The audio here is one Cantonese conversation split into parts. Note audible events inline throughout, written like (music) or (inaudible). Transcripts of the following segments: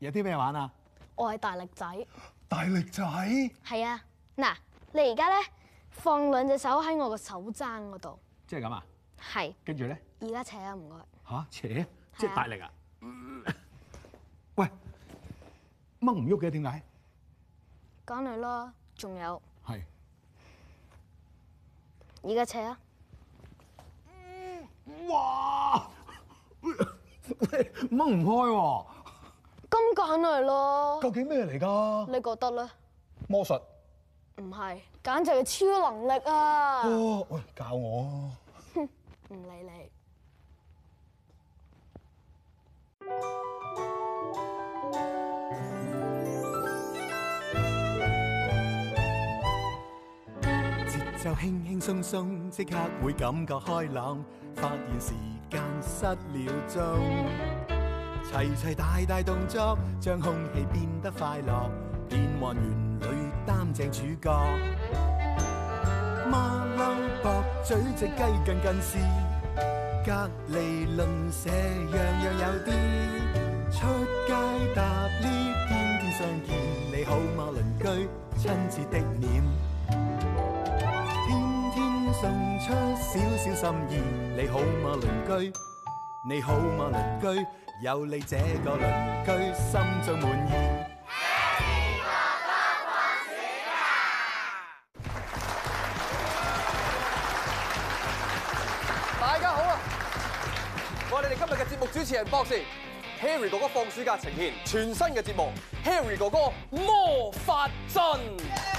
有啲咩玩啊？我係大力仔。大力仔？係啊，嗱，你而家咧放兩隻手喺我個手踭嗰度。即係咁啊？係。跟住咧？而家扯啊，唔該。吓扯？即係大力啊？嗯、喂，掹唔喐嘅點解？講嚟咯，仲有。係。而家扯啊、嗯！哇！喂，掹唔開喎、啊。梗係啦！究竟咩嚟噶？你覺得咧？魔術？唔係，簡直係超能力啊！哦，喂、哎，教我哼、啊、唔 (laughs) 理你。節奏輕輕鬆鬆，即刻會感覺開朗，發現時間失了蹤。齊齊大大動作，將空氣變得快樂。變幻圓裏擔正主角， (noise) 馬騮博嘴隻雞近近視，隔離鄰舍樣樣有啲。出街搭 lift，天天相見，你好嗎，鄰居？親切的臉，天天送出小小心意，你好嗎，鄰居？你好嗎，鄰居？有你這個鄰居，心中滿意。Harry 哥哥放暑假，大家好啊！我係你哋今日嘅節目主持人，博士。Harry 哥哥放暑假呈現全新嘅節目，Harry 哥哥魔法陣。Yeah.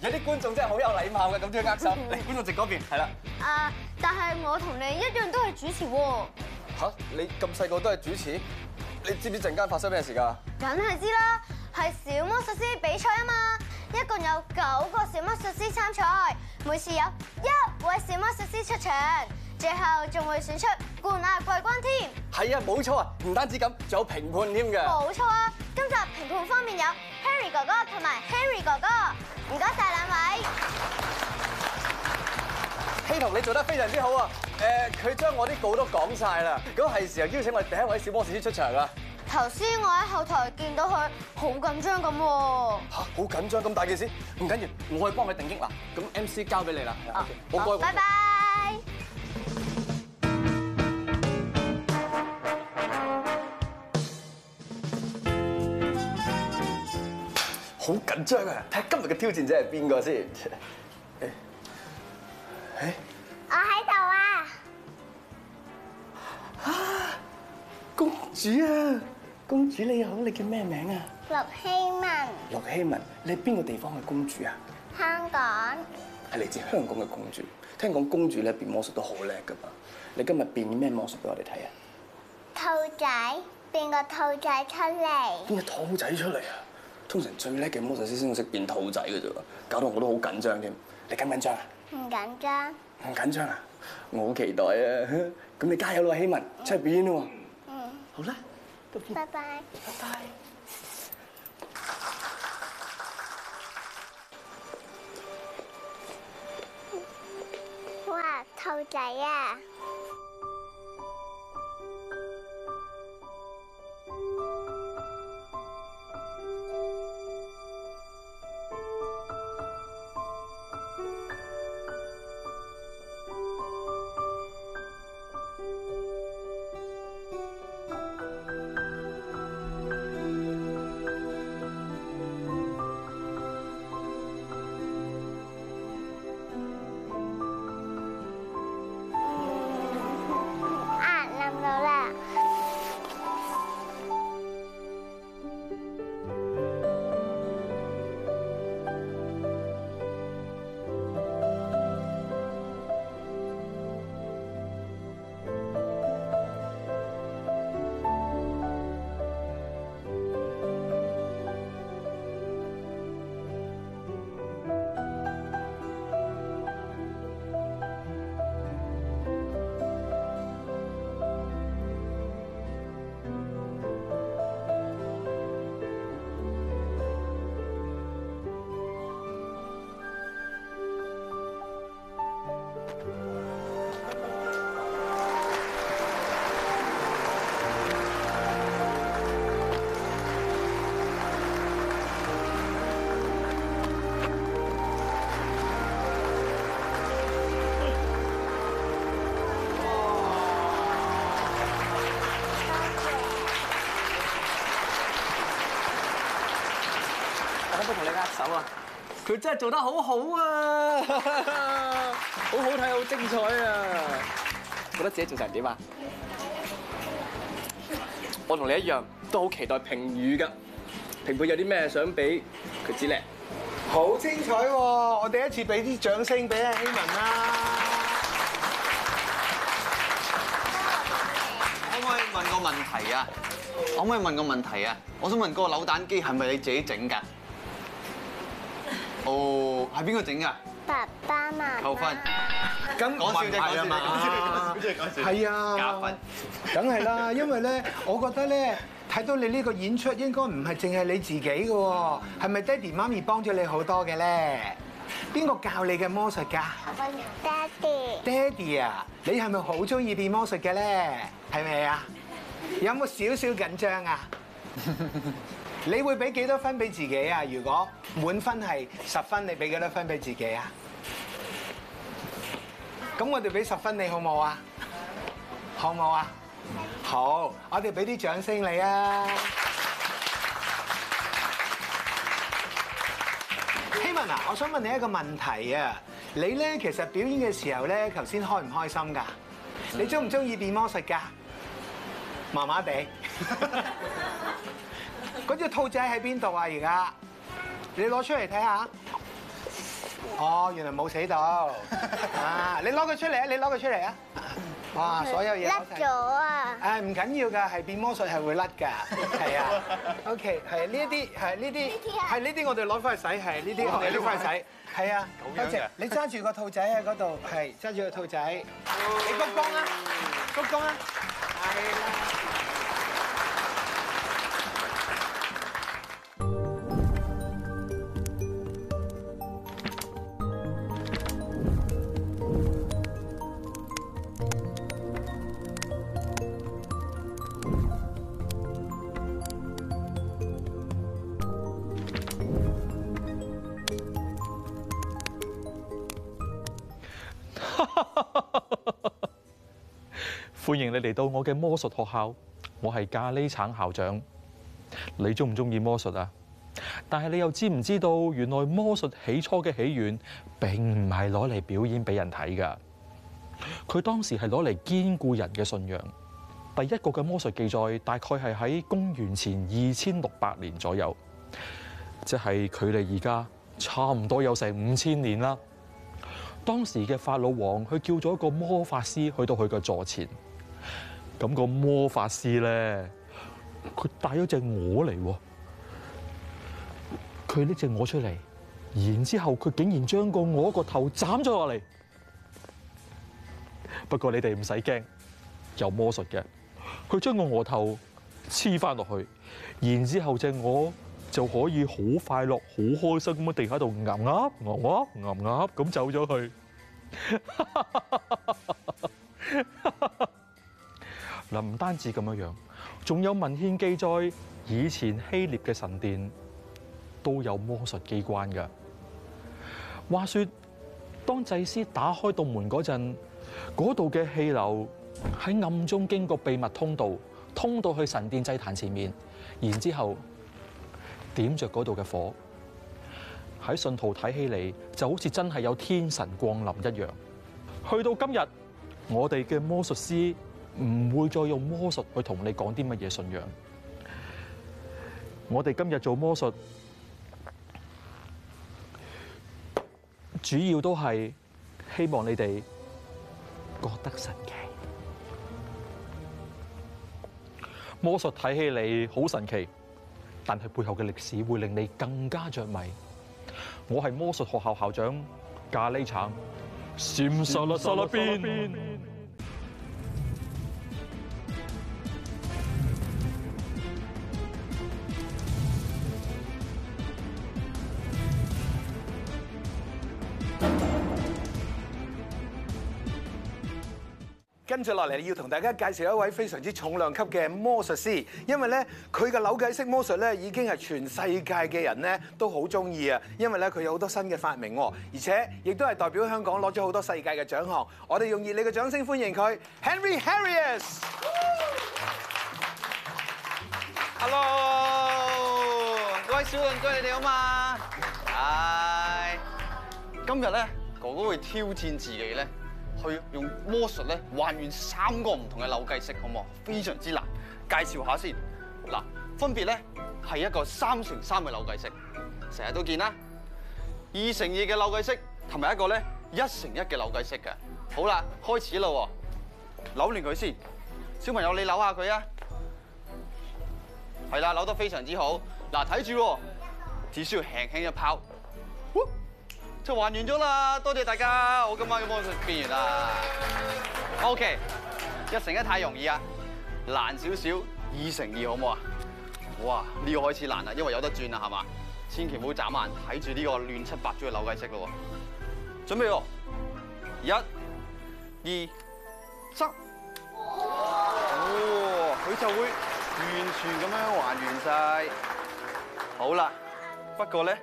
有啲觀眾真係好有禮貌嘅，咁都要握手。嚟觀眾席嗰邊，係啦。啊！但係我同你一樣都係主持喎，啊。你咁細個都係主持？你知唔知陣間發生咩事㗎？梗係知啦，係小魔術師比賽啊嘛，一共有九個小魔術師參賽，每次有一位小魔術師出場。最後仲會選出冠亞季軍添。係啊，冇錯啊，唔單止咁，仲有評判添嘅。冇錯啊，今集評判方面有 Harry 哥哥同埋 Henry 哥哥，唔該曬兩位。希彤，你做得非常之好啊！誒，佢將我啲稿都講曬啦，咁係時候邀請我哋第一位小波士出場啦。頭先我喺後台見到佢好緊張咁喎。嚇，好緊張咁大件事？唔緊要，我可以幫佢定息啦，咁 MC 交俾你啦，好唔該。拜拜。好緊張啊！睇下今日嘅挑戰者係邊個先？誒誒，我喺度啊！公主啊！公主你好，你叫咩名啊？陸希文。陸希文，你係邊個地方嘅公主啊？香港。係嚟自香港嘅公主。聽講公主咧變魔術都好叻㗎嘛？你今日變咩魔術俾我哋睇啊？兔仔，變個兔仔出嚟。變個兔仔出嚟啊？通常最叻嘅魔術師先會識變兔仔嘅啫，搞到我都好緊張添。你緊唔緊張啊？唔緊張。唔緊張啊？我好期待啊！咁你加油啦，希文，出嚟表演咯喎。嗯。好啦，拜拜。拜拜。哇，兔仔啊！佢真係做得好好啊，好好睇，好精彩啊！覺得自己做成點啊？我同你一樣，都好期待評語㗎。評判有啲咩想俾佢知咧？好精彩喎！我第一次俾啲掌聲俾阿希文啦。可唔可以問個問題啊？可唔可以問個問題啊？我想問嗰個扭蛋機係咪你自己整㗎？哦，係邊個整噶？爸爸媽媽。扣分。咁講笑啫，講笑啫，講笑。係啊。加分。梗係啦，因為咧，我覺得咧，睇到你呢個演出，應該唔係淨係你自己噶，係咪爹哋媽咪幫咗你好多嘅咧。邊個教你嘅魔術噶？我，爹哋。爹哋啊，你係咪好中意變魔術嘅咧？係咪啊？有冇少少緊張啊？ (laughs) 你會俾幾多分俾自己啊？如果滿分係十分，你俾幾多分俾自己啊？咁我哋俾十分你好唔好啊？好唔好啊？好，我哋俾啲掌聲你啊！希文啊，我想問你一個問題啊！你咧其實表演嘅時候咧，頭先開唔開心㗎？你鍾唔鍾意變魔術㗎？麻麻地。嗰隻兔仔喺邊度啊？而家你攞出嚟睇下。哦，原來冇死到。啊，你攞佢出嚟啊！你攞佢出嚟啊！哇，所有嘢。甩咗啊！誒，唔緊要㗎，係變魔術係會甩㗎，係啊。OK，係呢一啲係呢啲係呢啲，我哋攞翻去洗係呢啲，我哋拎翻去洗。係啊，多謝你揸住個兔仔喺嗰度。係揸住個兔仔，你鞠躬啦，鞠躬啦。係啦。歡迎你嚟到我嘅魔術學校，我係咖喱橙校長。你中唔中意魔術啊？但係你又知唔知道，原來魔術起初嘅起源，並唔係攞嚟表演俾人睇㗎。佢當時係攞嚟堅固人嘅信仰。第一個嘅魔術記載，大概係喺公元前二千六百年左右，即係距離而家差唔多有成五千年啦。當時嘅法老王，佢叫咗一個魔法師去到佢嘅座前。咁、那個魔法師咧，佢帶咗隻鵝嚟，佢拎隻鵝出嚟，然之後佢竟然將個鵝個頭斬咗落嚟。不過你哋唔使驚，有魔術嘅，佢將個鵝頭黐翻落去，然之後隻鵝就可以好快樂、好開心咁喺地喺度噏噏噏噏噏噏咁走咗去。 (laughs) 嗱，唔單止咁樣樣，仲有文獻記載以前希臘嘅神殿都有魔術機關嘅。話說，當祭司打開道門嗰陣，嗰度嘅氣流喺暗中經過秘密通道，通到去神殿祭壇前面，然之後點着嗰度嘅火，喺信徒睇起嚟就好似真係有天神降臨一樣。去到今日，我哋嘅魔術師。唔會再用魔術去同你講啲乜嘢信仰。我哋今日做魔術，主要都係希望你哋覺得神奇。魔術睇起嚟好神奇，但係背後嘅歷史會令你更加着迷。我係魔術學校校長咖哩橙。跟住落嚟要同大家介紹一位非常之重量級嘅魔術師，因為呢，佢嘅扭計骰魔術呢已經係全世界嘅人呢都好中意啊！因為呢，佢有好多新嘅發明，而且亦都係代表香港攞咗好多世界嘅獎項。我哋用熱烈嘅掌聲歡迎佢，Henry Harrius、嗯。Hello，各位小鄰居，你哋，好嗎？啊！今日咧，哥哥會挑戰自己咧，去用魔術咧，還原三個唔同嘅扭計骰，好冇？非常之難。介紹下先，嗱，分別咧係一個三乘三嘅扭計骰，成日都見啦；二乘二嘅扭計骰，同埋一個咧一乘一嘅扭計骰嘅。好啦，開始啦，扭亂佢先。小朋友，你扭下佢啊！係啦，扭得非常之好。嗱，睇住，只需要輕輕一拋。就還原咗啦，多謝大家，我今晚嘅魔術變完啦。OK，一乘一太容易啊，難少少，二乘二好唔好啊？哇，呢個開始難啦，因為有得轉啦，係嘛？千祈唔好眨眼，睇住呢個亂七八糟嘅扭計骰咯喎。準備，一、二、三，哇！佢就會完全咁樣還原晒！好啦，不過咧。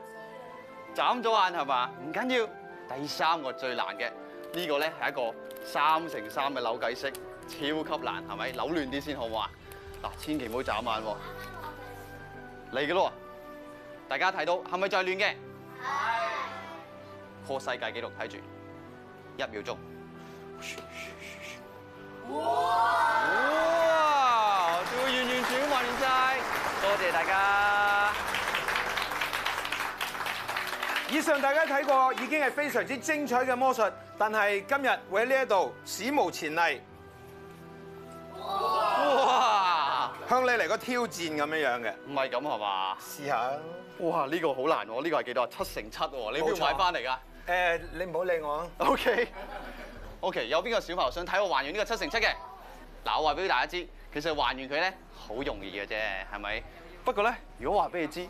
眨咗眼係嘛，唔緊要。第三個最難嘅，呢個咧係一個三乘三嘅扭計骰，超級難係咪？扭亂啲先好唔好啊？嗱，千祈唔好眨眼喎。嚟嘅咯，大家睇到係咪再亂嘅？破世界紀錄，睇住一秒鐘。哇！我哋會完完全全混亂晒，多謝大家。以上大家睇過已經係非常之精彩嘅魔術，但，但係今日會喺呢一度史無前例，哇！向你嚟個挑戰咁樣樣嘅，唔係咁係嘛？試下啊！哇！呢個好難喎，呢個係幾多啊？七乘七喎，你點買翻嚟㗎？誒，你唔好理我好好。OK，OK，有邊個小朋友想睇我還原呢個七乘七嘅？嗱，我話俾大家知，其實還原佢咧好容易嘅啫，係咪？不過咧，如果話俾你知，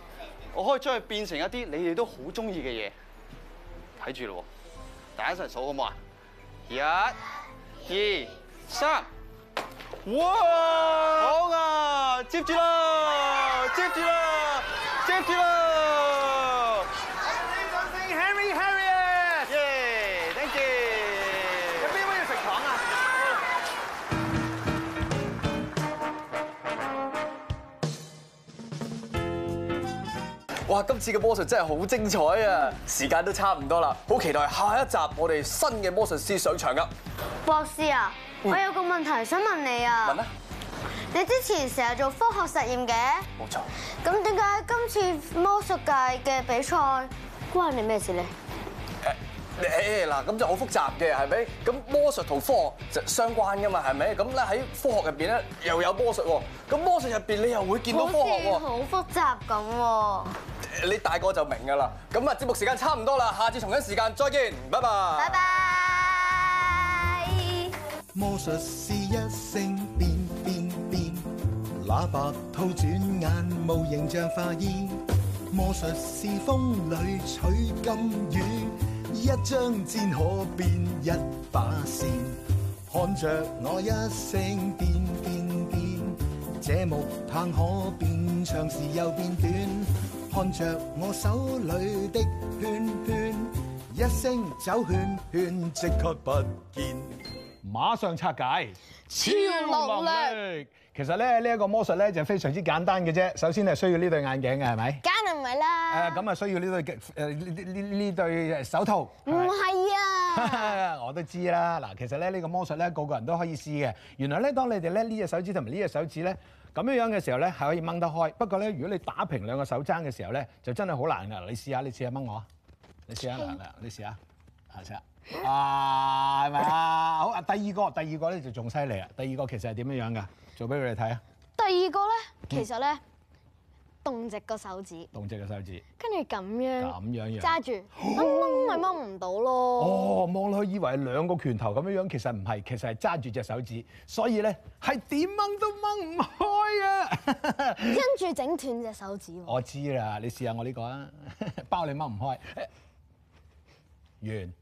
我可以將佢變成一啲你哋都好鍾意嘅嘢，睇住咯，大家一齊數好唔好啊？一、二、三，哇！好啊，接住啦！哇！今次嘅魔術真係好精彩啊，時間都差唔多啦，好期待下一集我哋新嘅魔術師上場噶。博士啊，我有個問題想問你啊。問啦。你之前成日做科學實驗嘅。冇錯。咁點解今次魔術界嘅比賽關你咩事咧？誒，嗱，咁就好複雜嘅，係咪？咁魔術同科學就相關噶嘛，係咪？咁咧喺科學入邊咧又有魔術，咁魔術入邊你又會見到科學喎。好似好複雜咁喎。你大個就明㗎啦，咁啊節目時間差唔多啦，下次同一時間再見，拜拜。拜拜。魔術師一聲變變變喇叭兔轉眼無形像化煙。魔術師風裏取金魚，一張紙可變一把扇。看着我一聲變變變，這木棒可變長時又變短。看着我手裏的圈圈，一聲走圈圈，即刻不見，馬上拆解，超落力超。其實咧呢一個魔術咧就非常之簡單嘅啫，首先係需要呢對眼鏡嘅係咪？梗係唔係啦。誒，咁啊需要呢對誒呢呢呢對手套？唔係啊， (laughs) 我都知啦。嗱，其實咧呢個魔術咧個個人都可以試嘅。原來咧，當你哋咧呢隻手指同埋呢隻手指咧。咁樣樣嘅時候咧，係可以掹得開。不過咧，如果你打平兩個手踭嘅時候咧，就真係好難噶。你試下，你試下掹我，你試下，你試下，嗱嗱，你試下，試下啊，係咪啊？好啊，第二個，第二個咧就仲犀利啊！第二個其實係點樣樣噶？做俾佢哋睇啊！第二個咧，其實咧。嗯動直個手指，動直個手指，跟住咁樣，咁樣樣揸住，啊，掹掹咪掹唔到咯。哦，望落去以為係兩個拳頭咁樣樣，其實唔係，其實係揸住隻手指，所以咧係點掹都掹唔開啊！跟住整斷隻手指。我知啦，你試下我呢個啊，包你掹唔開。完。